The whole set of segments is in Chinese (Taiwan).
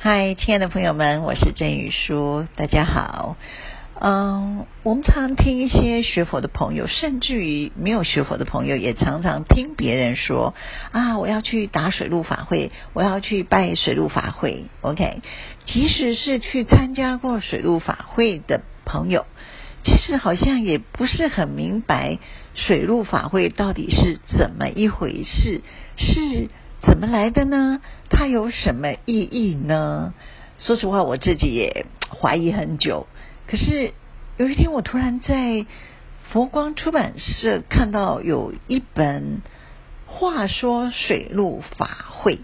嗨，Hi, 親愛的朋友們，我是鄭羽書，大家好。嗯，我們常聽一些學佛的朋友，甚至於沒有學佛的朋友，也常常聽別人說啊，我要去打水陸法會，我要去拜水陸法會。OK，即使是去參加過水陸法會的朋友，其實好像也不是很明白水陸法會到底是怎麼一回事，是。怎麼來的呢？它有什麼意義呢？說實話，我自己也懷疑很久。可是有一天，我突然在佛光出版社看到有一本《畫說水陸法會》，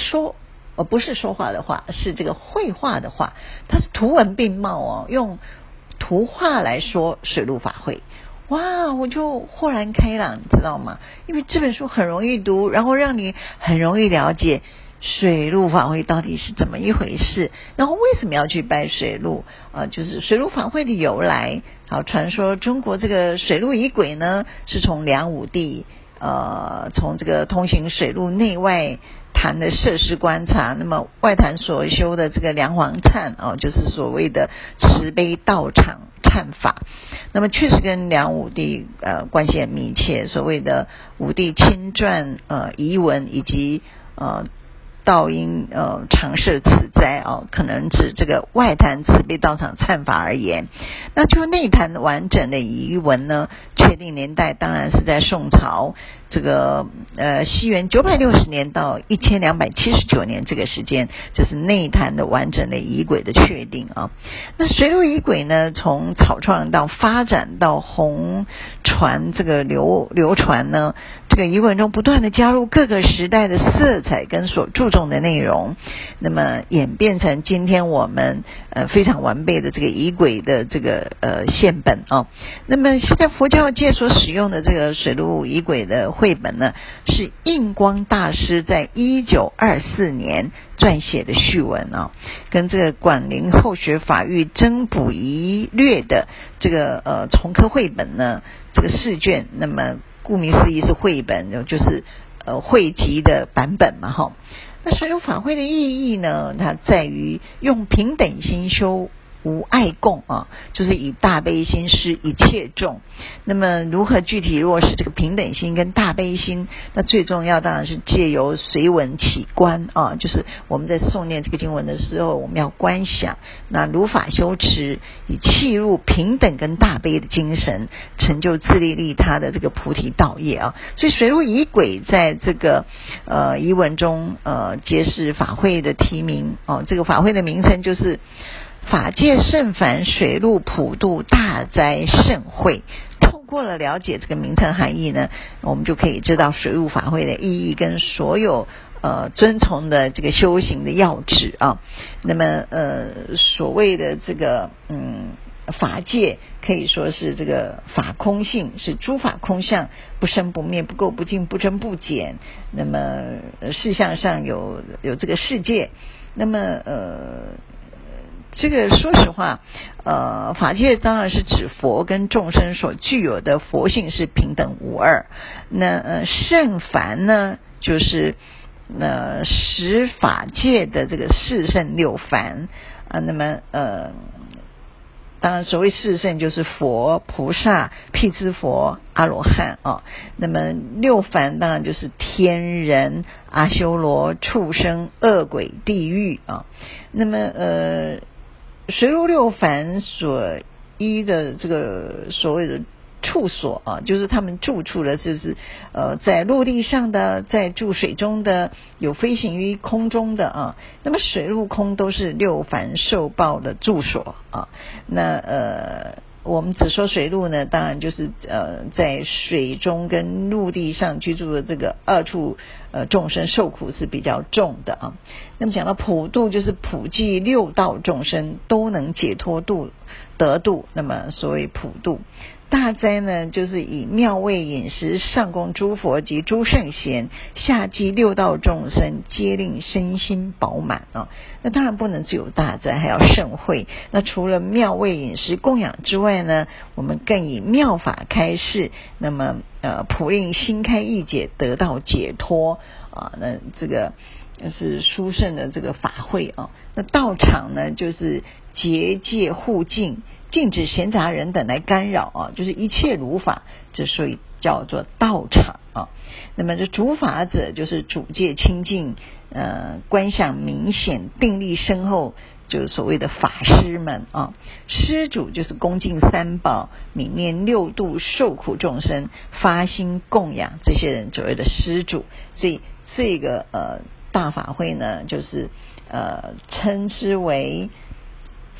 說呃、哦，不是說話的話，是這個繪畫的畫，它是圖文並茂哦。用圖畫來說水陸法會。哇，我就豁然開朗，你知道嗎？因為這本書很容易讀，然後讓你很容易了解水陸法會到底是怎麼一回事，然後為什麼要去拜水陸啊，呃，就是水陸法會的由來，好，傳說中國這個水陸儀軌呢，是從梁武帝。呃，從這個通行水陸內外壇的設施觀察，那麼外壇所修的這個梁皇懺哦，就是所謂的慈悲道場懺法，那麼確實跟梁武帝呃關係很密切，所謂的武帝親傳呃遺文以及呃。道因呃常設此齋啊、哦，可能指這個外壇慈悲道場懺法而言。那就內壇的完整的儀文呢，確定年代當然是在宋朝這個呃西元九百六十年到一千兩百七十九年這個時間，就是內壇的完整的儀軌的確定啊。那水陸儀軌呢，從草創到發展到弘傳這個流流傳呢。儀軌中，不斷的加入各個時代的色彩跟所注重的內容，那麼演變成今天我們呃非常完備的這個儀軌的這個呃現本啊、哦。那麼現在佛教界所使用的這個水陸儀軌的繪本呢，是印光大師在一九二四年撰寫的序文啊、哦，跟這個《廣陵後學法裕增補儀略》的這個呃重刻繪本呢，這個四卷，那麼。顧名思義是繪本，就是呃匯集的版本嘛，哈。那所有法會的意義呢，它在於用平等心修，無愛供啊，就是以大悲心施一切眾。那麼如何具體落實這個平等心跟大悲心？那最重要當然是借由隨文起觀啊，就是我們在誦念這個經文的時候，我們要觀想，那如法修持，以契入平等跟大悲的精神，成就自利利他的這個菩提道業啊。所以水陸儀軌，在這個呃儀文中呃揭示法會的題名哦、呃，這個法會的名稱就是。法界聖凡水陸普渡大齋勝會，透過了了解這個名稱含義呢，我們就可以知道水陸法會的意義跟所有呃遵從的這個修行的要旨啊。那麼呃，所謂的這個嗯法界，可以說是這個法空性，是諸法空相，不生不滅，不垢不淨，不增不減。那麼呃事相上有有這個世界，那麼呃。這個說實話，呃，法界當然是指佛跟眾生所具有的佛性是平等無二。那呃，聖凡呢，就是那十、呃、法界的這個四聖六凡啊。那麼呃，當然所謂四聖就是佛、菩薩、辟支佛、阿羅漢啊、哦。那麼六凡當然就是天人、阿修羅、畜生、餓鬼、地獄啊、哦。那麼呃。水陸六凡所依的這個所謂的處所啊，就是他們住處的，就是呃，在陸地上的，在住水中的，有飛行於空中的啊。那麼水陸空都是六凡受報的住所啊。那呃。我們只說水陸呢，當然就是呃，在水中跟陸地上居住的這個二處呃眾生受苦是比較重的啊。那麼講到普度，就是普濟六道眾生都能解脫度得度，那麼所謂普度。大齋呢，就是以妙味飲食上供諸佛及諸聖賢，下濟六道眾生，皆令身心飽滿啊、哦。那當然不能只有大齋，還要勝會。那除了妙味飲食供養之外呢，我們更以妙法開示，那麼呃普令心開意解，得到解脫啊、哦。那這個是殊勝的這個法會啊、哦。那道場呢，就是結界護境。禁止閒雜人等來干擾啊，就是一切如法，這所以叫做道場啊。那麼這主法者就是主戒清淨，呃，觀想明顯，定力深厚，就是所謂的法師們啊。施主就是恭敬三寶，愍念六度，受苦眾生發心供養這些人，所謂的施主。所以這個呃大法會呢，就是呃稱之為。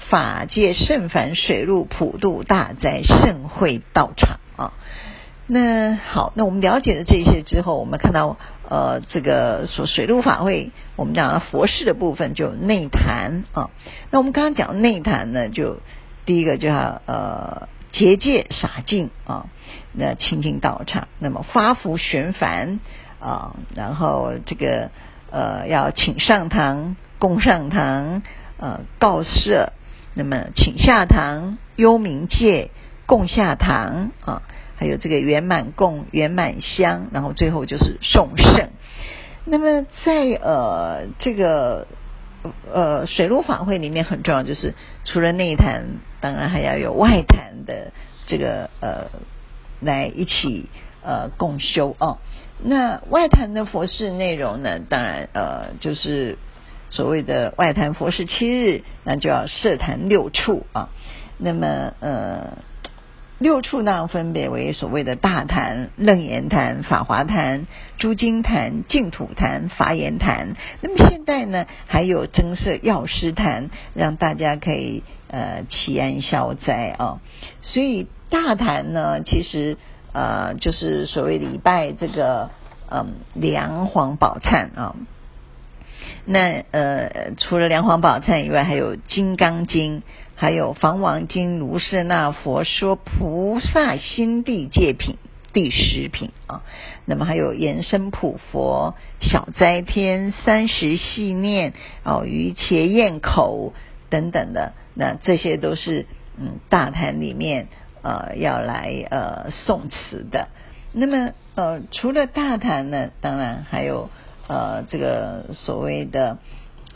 法界聖凡，水陸普度大齋勝會道場啊！那好，那我們了解了這些之後，我們看到呃，這個所水陸法會，我們講佛事的部分就內壇啊。那我們剛剛講的內壇呢，就第一個就要呃結界灑淨啊，那、呃、清淨道場。那麼發符懸幡，啊、呃，然後這個呃要請上堂供上堂呃告赦。那麼，請下堂、幽冥界供下堂啊、哦，還有這個圓滿供、圓滿香，然後最後就是送聖。那麼在呃這個呃水陸法會裡面很重要，就是除了內壇，當然還要有外壇的這個呃來一起呃共修哦。那外壇的佛事內容呢，當然呃就是。所謂的外壇佛事七日，那就要設壇六處啊。那麼呃，六處呢分別為所謂的大壇、楞嚴壇、法華壇、諸經壇、淨土壇、法言壇。那麼現在呢，還有增設藥師壇，讓大家可以呃祈安消災啊。所以大壇呢，其實呃就是所謂禮拜這個嗯、呃、梁皇寶懺啊、哦。那呃，除了《梁皇寶懺》以外，還有《金剛經》，還有《梵網經》《盧舍那佛說菩薩心地戒品》第十品啊、哦。那麼還有《延生普佛》《小齋天》《三時繫念》哦，《瑜伽焰口》等等的。那這些都是嗯，大壇裡面呃要來呃誦持的。那麼呃，除了大壇呢，當然還有。呃，這個所謂的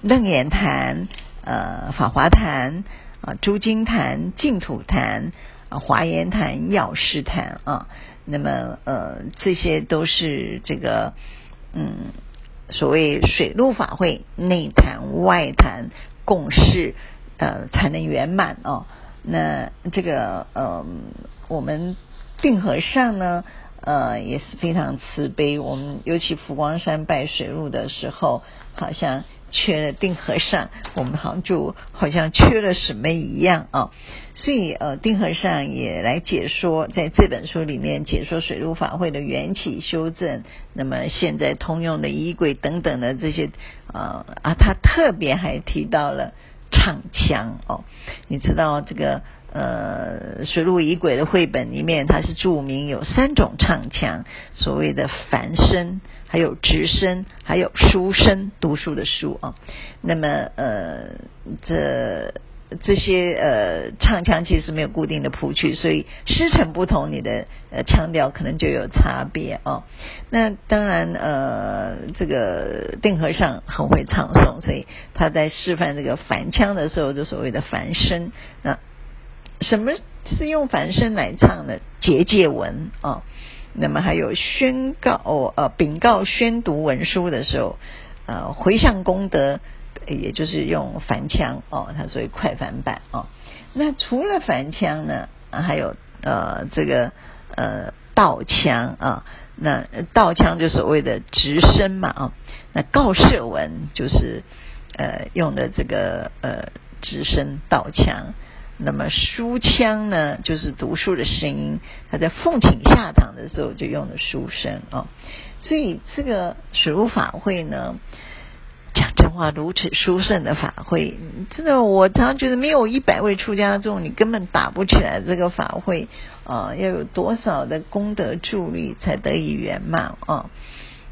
楞嚴壇、呃法華壇、啊諸經壇、淨土壇、啊、華嚴壇、藥師壇啊，那麼呃這些都是這個嗯所謂水陸法會內壇外壇共事呃才能圓滿哦。那這個嗯、呃、我們定和尚呢，呃，也是非常慈悲。我們尤其佛光山拜水陸的時候，好像缺了定和尚，我們好像就好像缺了什麼一樣啊、哦。所以呃，定和尚也來解說，在這本書裡面解說水陸法會的緣起、修正。那麼現在通用的儀軌等等的這些啊、呃、啊，他特別還提到了唱腔哦，你知道這個。呃，水陸儀軌的繪本裡面，它是註明有三種唱腔，所謂的梵聲，還有直聲，還有書聲讀書的書啊、哦。那麼呃，這這些呃唱腔其實沒有固定的譜曲，所以師承不同，你的，呃、腔調可能就有差別哦。那當然呃，這個定和尚很會唱誦，所以他在示範這個梵腔的時候，就所謂的梵聲那。啊什麼是用梵聲來唱的結界文啊、哦？那麼還有宣告哦呃，稟告、宣讀文書的時候，呃，回向功德，也就是用梵腔哦，它屬於快梵版啊、哦。那除了梵腔呢，還有呃這個呃道腔啊、哦，那道腔就所謂的直聲嘛啊、哦。那告赦文就是呃用的這個呃直聲道腔。那麼書腔呢，就是讀書的聲音。他在奉請下堂的時候，就用的書聲啊、哦。所以這個水陸法會呢，講真話，如此殊勝的法會，真的我常常覺得，沒有一百位出家眾，你根本打不起來這個法會啊、哦。要有多少的功德助力，才得以圓滿啊。哦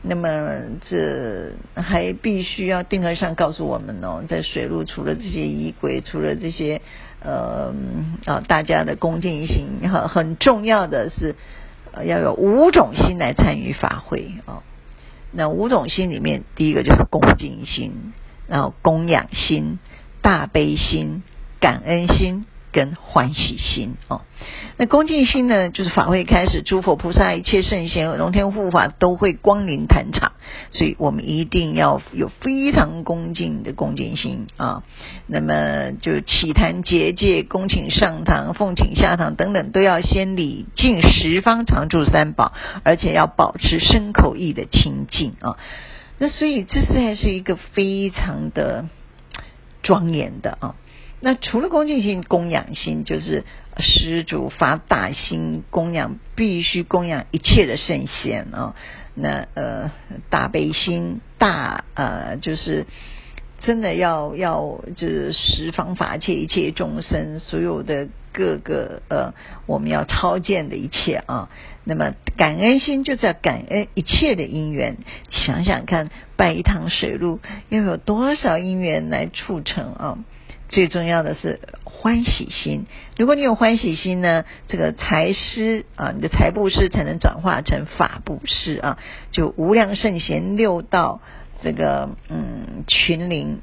那麼這還必須要定和尚告訴我們哦，在水陸除了這些儀軌，除了這些呃啊大家的恭敬心很，很重要的是要有五種心來參與法會啊。那五種心裡面，第一個就是恭敬心，然後供養心、大悲心、感恩心。跟歡喜心哦，那恭敬心呢？就是法會開始，諸佛菩薩、一切聖賢、龍天護法都會光臨壇場，所以我們一定要有非常恭敬的恭敬心啊、哦。那麼就起壇結界、恭請上堂、奉請下堂等等，都要先禮敬十方常住三寶，而且要保持身口意的清淨啊、哦。那所以這次還是一個非常的莊嚴的啊。哦那除了恭敬心、供養心，就是施主發大心供養，必須供養一切的聖賢啊、哦。那呃，大悲心、大呃，就是真的要要就是十方法界一切眾生，所有的各個呃，我們要超薦的一切啊、哦。那麼感恩心，就是要感恩一切的因緣。想想看，拜一趟水陸，又有多少因緣來促成啊、哦？最重要的是歡喜心。如果你有歡喜心呢，這個財施啊、呃，你的財布施才能轉化成法布施啊，就無量聖賢六道這個嗯群靈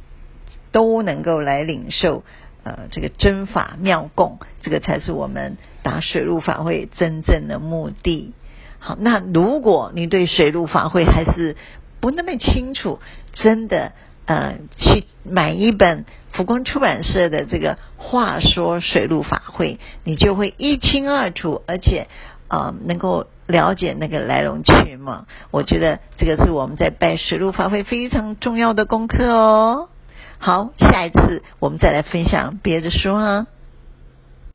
都能夠來領受呃這個真法妙供，這個才是我們打水陸法會真正的目的。好，那如果你對水陸法會還是不那麼清楚，真的嗯、呃、去買一本。普光出版社的這個《畫說水陸法會》，你就會一清二楚，而且啊、呃，能夠了解那個來龍去脈。我覺得這個是我們在拜水陸法會非常重要的功課哦。好，下一次我們再來分享別的書啊。